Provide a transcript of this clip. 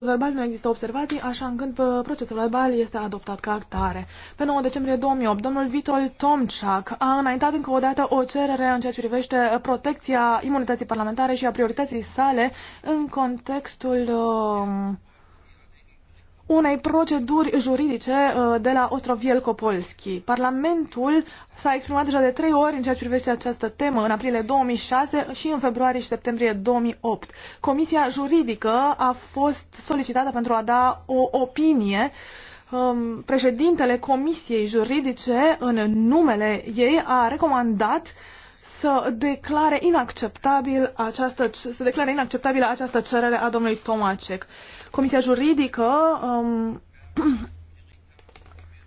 verbal nu există observații, așa încât uh, procesul verbal este adoptat ca actare. Pe 9 decembrie 2008, domnul Vitol Tomczak a înaintat încă o dată o cerere în ceea ce privește protecția imunității parlamentare și a priorității sale în contextul uh, unei proceduri juridice uh, de la Kopolski. Parlamentul s-a exprimat deja de trei ori în ceea ce privește această temă, în aprilie 2006 și în februarie și septembrie 2008. Comisia juridică a fost solicitată pentru a da o opinie um, președintele Comisiei Juridice, în numele ei, a recomandat uh, să declare inacceptabil această, să declare inacceptabilă această cerere a domnului Tomacek. Comisia juridică um,